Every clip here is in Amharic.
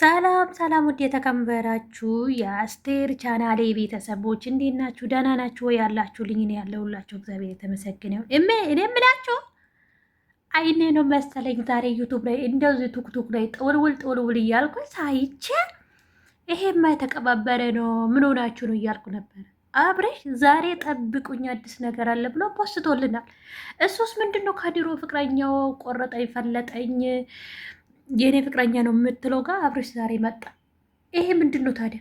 ሰላም ሰላም ውድ የተከበራችሁ የአስቴር ቻናሌ ቤተሰቦች እንዴት ናችሁ? ደህና ናችሁ ወይ? ያላችሁ ልኝ ነው ያለሁላችሁ። እግዚአብሔር የተመሰግነው እሜ እኔ ምላችሁ አይኔ ነው መሰለኝ ዛሬ ዩቱብ ላይ እንደዚህ ቱክቱክ ላይ ጥውልውል ጥውልውል እያልኩ ሳይቼ ይሄማ የተቀባበረ ነው ምን ሆናችሁ ነው እያልኩ ነበር። አብረሽ ዛሬ ጠብቁኝ አዲስ ነገር አለ ብሎ ፖስቶልናል። እሱስ ምንድን ነው? ከድሮ ፍቅረኛው ቆረጠኝ ፈለጠኝ የእኔ ፍቅረኛ ነው የምትለው ጋር አብርሽ ዛሬ መጣ። ይሄ ምንድን ነው ታዲያ?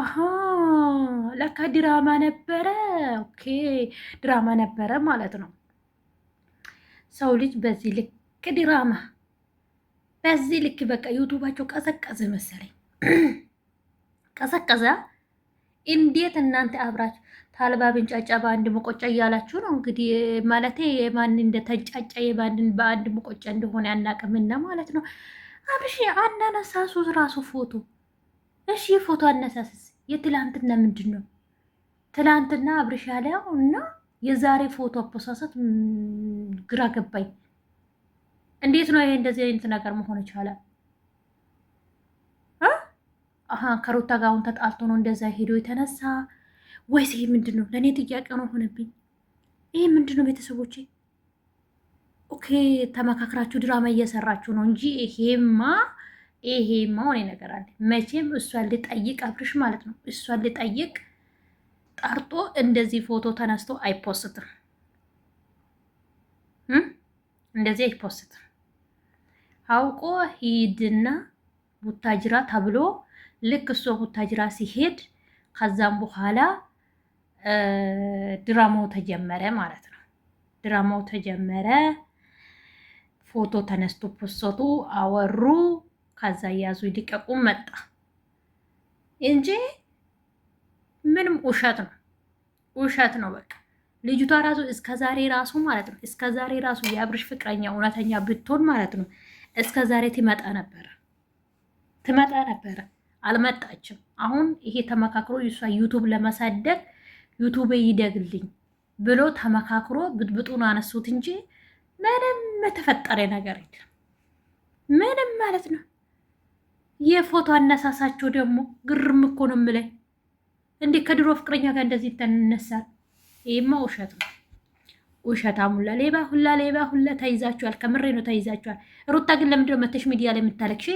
አሀ ለካ ድራማ ነበረ። ኦኬ ድራማ ነበረ ማለት ነው። ሰው ልጅ በዚህ ልክ ድራማ በዚህ ልክ በቃ ዩቱባቸው ቀዘቀዘ መሰለኝ፣ ቀዘቀዘ። እንዴት እናንተ አብራችሁ ታልባ ብንጫጫ በአንድ መቆጫ እያላችሁ ነው እንግዲህ። ማለት የማን እንደተጫጫ የማንን በአንድ መቆጫ እንደሆነ ያናቅምና ማለት ነው። አብሽ አናነሳሱ ራሱ ፎቶ። እሺ ፎቶ አነሳስስ የትላንትና ምንድን ነው? ትላንትና አብርሽ ያለው እና የዛሬ ፎቶ አፖሳሰት ግራ ገባኝ። እንዴት ነው ይሄ እንደዚህ አይነት ነገር መሆን ይቻላል? አሀ ከሩታ ጋር አሁን ተጣልቶ ነው እንደዛ ሄዶ የተነሳ ወይስ ይሄ ምንድን ነው? ለእኔ ጥያቄ ነው ሆነብኝ። ይሄ ምንድን ነው? ቤተሰቦቼ ኦኬ፣ ተመካክራችሁ ድራማ እየሰራችሁ ነው እንጂ ይሄማ ይሄማ ሆኔ ነገር አለ። መቼም እሷን ልጠይቅ አብርሽ ማለት ነው እሷን ልጠይቅ ጠርጦ እንደዚህ ፎቶ ተነስቶ አይፖስትም፣ እንደዚህ አይፖስትም። አውቆ ሂድና ቡታጅራ ተብሎ ልክ እሷ ቡታጅራ ሲሄድ ከዛም በኋላ ድራማው ተጀመረ ማለት ነው። ድራማው ተጀመረ። ፎቶ ተነስቶ ፖስቶ አወሩ። ከዛ ያዙ ይልቀቁ መጣ እንጂ ምንም ውሸት ነው፣ ውሸት ነው በቃ። ልጅቷ ራሱ እስከ ዛሬ ራሱ ማለት ነው እስከ ዛሬ ራሱ የአብርሽ ፍቅረኛ እውነተኛ ብትሆን ማለት ነው እስከ ዛሬ ትመጣ ነበረ፣ ትመጣ ነበረ። አልመጣችም። አሁን ይሄ ተመካክሮ እሷ ዩቱብ ለመሳደግ ዩቱቤ ይደግልኝ ብሎ ተመካክሮ ብጥብጡን አነሱት እንጂ ምንም የተፈጠረ ነገር የለም። ምንም ማለት ነው። የፎቶ አነሳሳቸው ደግሞ ግርም እኮ ነው የምለኝ። እንዴ ከድሮ ፍቅረኛ ጋር እንደዚህ ተነሳል? ይህማ ውሸት ነው። ውሸታም ሁላ ሌባ ሁላ ሌባ ሁላ ተይዛችኋል። ከምሬ ነው ተይዛችኋል። ሩታ ግን ለምንድነው መተሽ ሚዲያ ላይ የምታለቅሽ?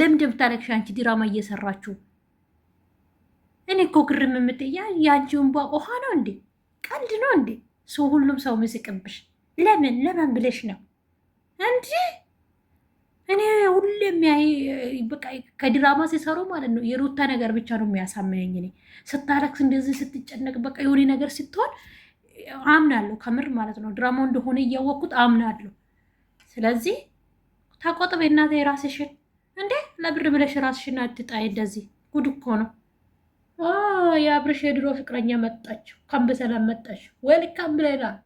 ለምን ደብታለቅሽ? አንቺ ድራማ እየሰራችሁ እኔ እኮ ግርም የምትያ የአንቺ እንባ ውሃ ነው እንዴ? ቀልድ ነው እንዴ? ሰው ሁሉም ሰው ምስቅብሽ ለምን ለምን ብለሽ ነው እንዲ? እኔ ሁሌም ከድራማ ሲሰሩ ማለት ነው የሩታ ነገር ብቻ ነው የሚያሳምነኝ። እኔ ስታለቅስ እንደዚህ ስትጨነቅ በቃ የሆነ ነገር ስትሆን አምናለሁ። ከምር ማለት ነው ድራማው እንደሆነ እያወቅኩት አምናለሁ። ስለዚህ ታቆጥበ እናቴ የራስሽን እንዴ ለብር ብለሽ ራስሽን አትጣይ። እንደዚህ ጉድ እኮ ነው። የአብርሽ የድሮ ፍቅረኛ መጣች። ካም መጣች። ወልካም ብለናል።